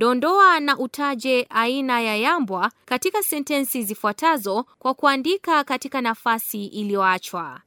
Dondoa na utaje aina ya yambwa katika sentensi zifuatazo kwa kuandika katika nafasi iliyoachwa.